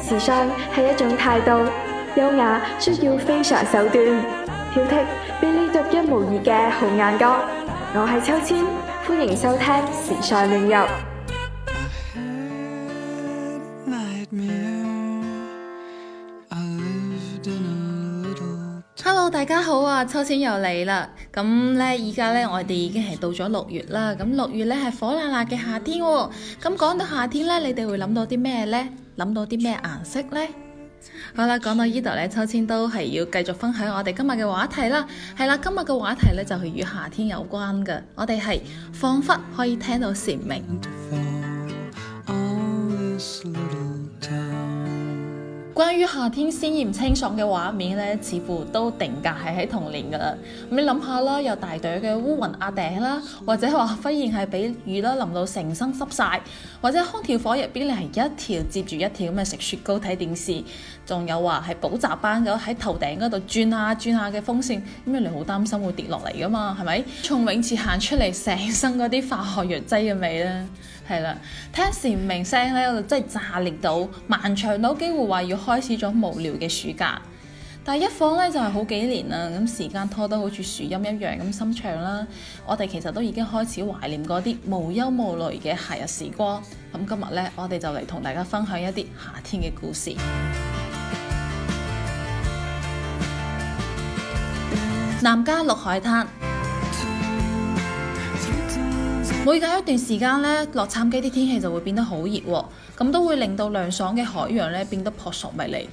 時尚係一種態度，優雅需要非常手段，挑剔，俾你獨一無二嘅好眼光。我係秋千，歡迎收聽時尚領遊。Hello，大家好啊，秋千又嚟啦。咁呢，依家呢，我哋已經係到咗六月啦。咁六月呢，係火辣辣嘅夏天喎。咁講到夏天呢，你哋會諗到啲咩呢？諗到啲咩顏色呢？好啦，講到呢度呢，秋千都係要繼續分享我哋今日嘅話題啦。係啦，今日嘅話題呢，就係與夏天有關嘅。我哋係仿佛可以聽到蟬鳴。關於夏天鮮豔清爽嘅畫面咧，似乎都定格係喺童年噶啦。咁你諗下啦，有大堆嘅烏雲壓頂啦，或者話忽然係俾雨啦淋到成身濕晒，或者空調房入邊你係一條接住一條咁啊食雪糕睇電視，仲有話係補習班咁喺頭頂嗰度轉下轉下嘅風扇，咁樣你好擔心會跌落嚟噶嘛？係咪？從泳池行出嚟，成身嗰啲化學藥劑嘅味咧。係啦，聽蟬鳴聲咧，我真係炸裂到，漫長到幾乎話要開始咗無聊嘅暑假。但係一晃咧就係、是、好幾年啦，咁時間拖得好似樹蔭一樣咁深長啦。我哋其實都已經開始懷念嗰啲無憂無慮嘅夏日時光。咁今日咧，我哋就嚟同大家分享一啲夏天嘅故事。南加六海灘。每隔一段時間呢，洛杉磯啲天氣就會變得好熱，咁都會令到涼爽嘅海洋咧，變得撲朔迷離。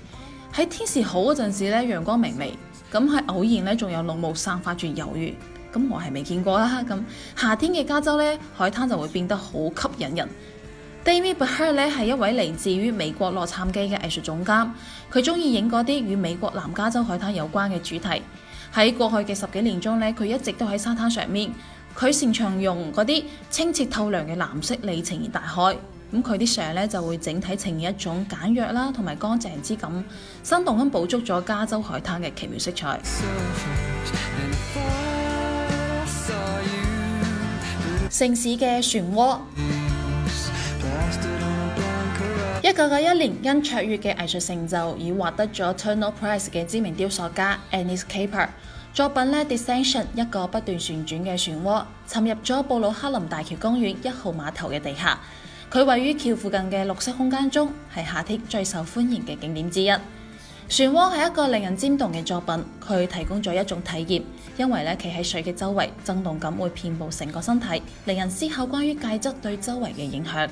喺天時好嗰陣時咧，陽光明媚，咁喺偶然咧，仲有濃霧散發住猶豫，咁我係未見過啦。咁夏天嘅加州咧，海灘就會變得好吸引人。David Behar 咧，係一位嚟自於美國洛杉磯嘅藝術總監，佢中意影嗰啲與美國南加州海灘有關嘅主題。喺過去嘅十幾年中咧，佢一直都喺沙灘上面。佢擅長用嗰啲清澈透亮嘅藍色嚟呈現大海，咁佢啲相咧就會整體呈現一種簡約啦同埋乾淨之感，生動咁捕捉咗加州海灘嘅奇妙色彩。城市嘅漩渦，一九九一年因卓越嘅藝術成就而獲得咗 Turner Prize 嘅知名雕塑家 Anish Kapoor 作品呢，Descension 一個不斷旋轉嘅漩渦，沉入咗布魯克林大橋公園一號碼頭嘅地下。佢位於橋附近嘅綠色空間中，係夏天最受歡迎嘅景點之一。漩渦係一個令人尖動嘅作品，佢提供咗一種體驗，因為咧，企喺水嘅周圍，震動感會遍布成個身體，令人思考關於介質對周圍嘅影響。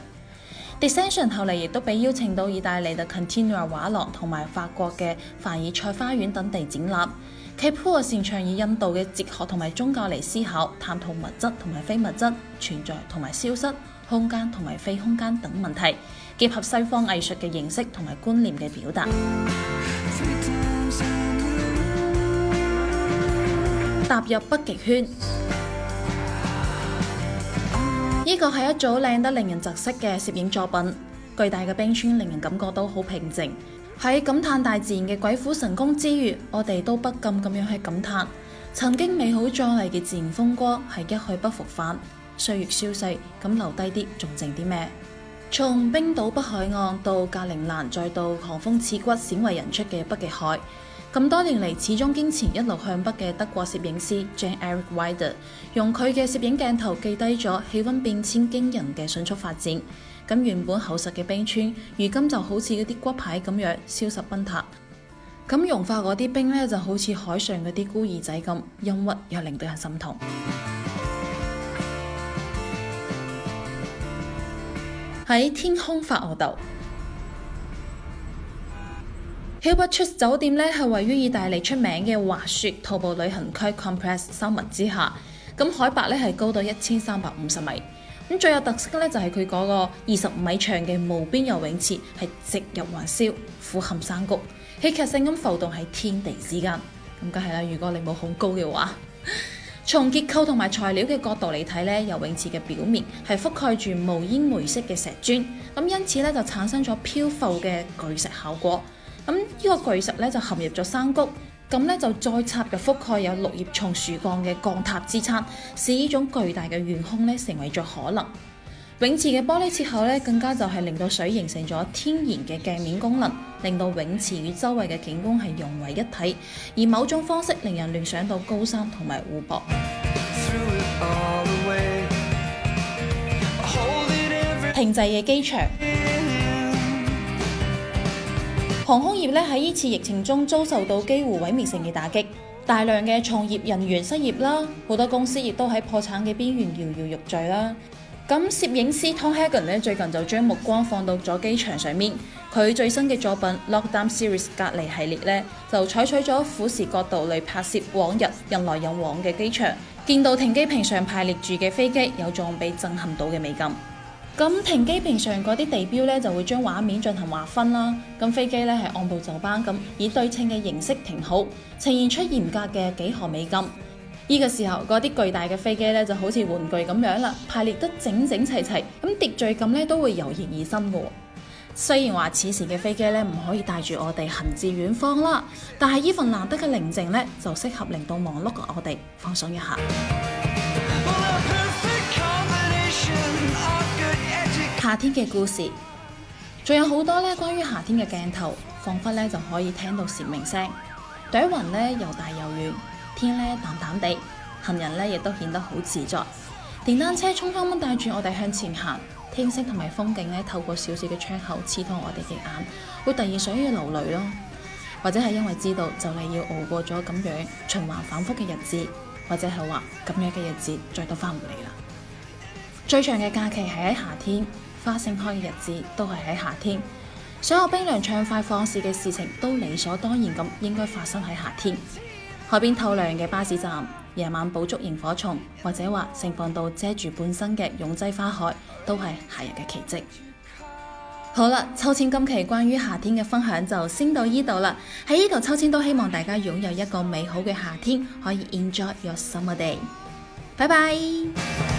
Descension 後嚟亦都被邀請到意大利嘅 Continua 畫廊同埋法國嘅凡爾賽花園等地展覽。佢頗擅長以印度嘅哲學同埋宗教嚟思考、探討物質同埋非物質存在同埋消失、空間同埋非空間等問題，結合西方藝術嘅形式同埋觀念嘅表達。 踏入北極圈，呢個係一組靚得令人窒息嘅攝影作品。巨大嘅冰川令人感覺到好平靜。喺感嘆大自然嘅鬼斧神工之餘，我哋都不禁咁樣去感嘆，曾經美好壯麗嘅自然風光係一去不復返，歲月消逝，咁留低啲仲剩啲咩？從冰島北海岸到格陵蘭，再到寒風刺骨、鮮為人出嘅北極海。咁多年嚟始終堅持一路向北嘅德國攝影師 Jan Eric Weider，用佢嘅攝影鏡頭記低咗氣溫變遷驚人嘅迅速發展。咁原本厚實嘅冰川，如今就好似嗰啲骨牌咁樣消失崩塌。咁融化嗰啲冰咧，就好似海上嗰啲孤兒仔咁陰鬱，陰鬱又令到人心痛。喺天空發吽哣。Hebrews 酒店咧，係位於意大利出名嘅滑雪徒步旅行區 Compress 三文之下，咁海拔咧係高到一千三百五十米。咁最有特色咧就係佢嗰個二十五米長嘅無邊游泳池，係直入雲霄，俯瞰山谷，戲劇性咁浮動喺天地之間。咁梗係啦，如果你冇恐高嘅話，從結構同埋材料嘅角度嚟睇咧，游泳池嘅表面係覆蓋住無煙煤色嘅石磚，咁因此咧就產生咗漂浮嘅巨石效果。咁、嗯、呢、這個巨石咧就陷入咗山谷，咁咧就再插入覆蓋有綠葉松樹幹嘅鋼塔支撐，使呢種巨大嘅懸空咧成為咗可能。泳池嘅玻璃切口咧更加就係令到水形成咗天然嘅鏡面功能，令到泳池與周圍嘅景觀係融為一體，而某種方式令人聯想到高山同埋湖泊。停滯嘅機場。航空業咧喺呢次疫情中遭受到幾乎毀滅性嘅打擊，大量嘅從業人員失業啦，好多公司亦都喺破產嘅邊緣搖搖欲墜啦。咁攝影師 Tom Hagen 咧最近就將目光放到咗機場上面，佢最新嘅作品 Lockdown Series 隔離系列咧就採取咗俯視角度嚟拍攝往日人來人往嘅機場，見到停機坪上排列住嘅飛機，有種被震撼到嘅美感。咁停機坪上嗰啲地標咧，就會將畫面進行劃分啦。咁飛機咧係按部就班咁以對稱嘅形式停好，呈現出嚴格嘅幾何美感。呢個時候嗰啲巨大嘅飛機咧就好似玩具咁樣啦，排列得整整齊齊，咁秩序感咧都會油然而生喎。雖然話此時嘅飛機咧唔可以帶住我哋行至遠方啦，但係呢份難得嘅寧靜咧就適合令到忙碌嘅我哋放鬆一下。夏天嘅故事，仲有好多咧。關於夏天嘅鏡頭，仿佛咧就可以聽到蟬鳴聲。朵雲咧又大又軟，天咧淡淡地，行人咧亦都顯得好自在。電單車匆匆咁帶住我哋向前行，天色同埋風景咧透過少少嘅窗口刺痛我哋嘅眼，會突然想要流淚咯。或者係因為知道就嚟要熬過咗咁樣循環反覆嘅日子，或者係話咁樣嘅日子再都翻唔嚟啦。最長嘅假期係喺夏天。花盛開嘅日子都係喺夏天，所有冰涼暢快放肆嘅事情都理所當然咁應該發生喺夏天。海邊透涼嘅巴士站，夜晚捕捉螢火蟲，或者話盛放到遮住半身嘅擁擠花海，都係夏日嘅奇蹟。好啦，秋千今期關於夏天嘅分享就先到呢度啦。喺呢度秋千都希望大家擁有一個美好嘅夏天，可以 Enjoy your summer day. Bye bye。拜拜。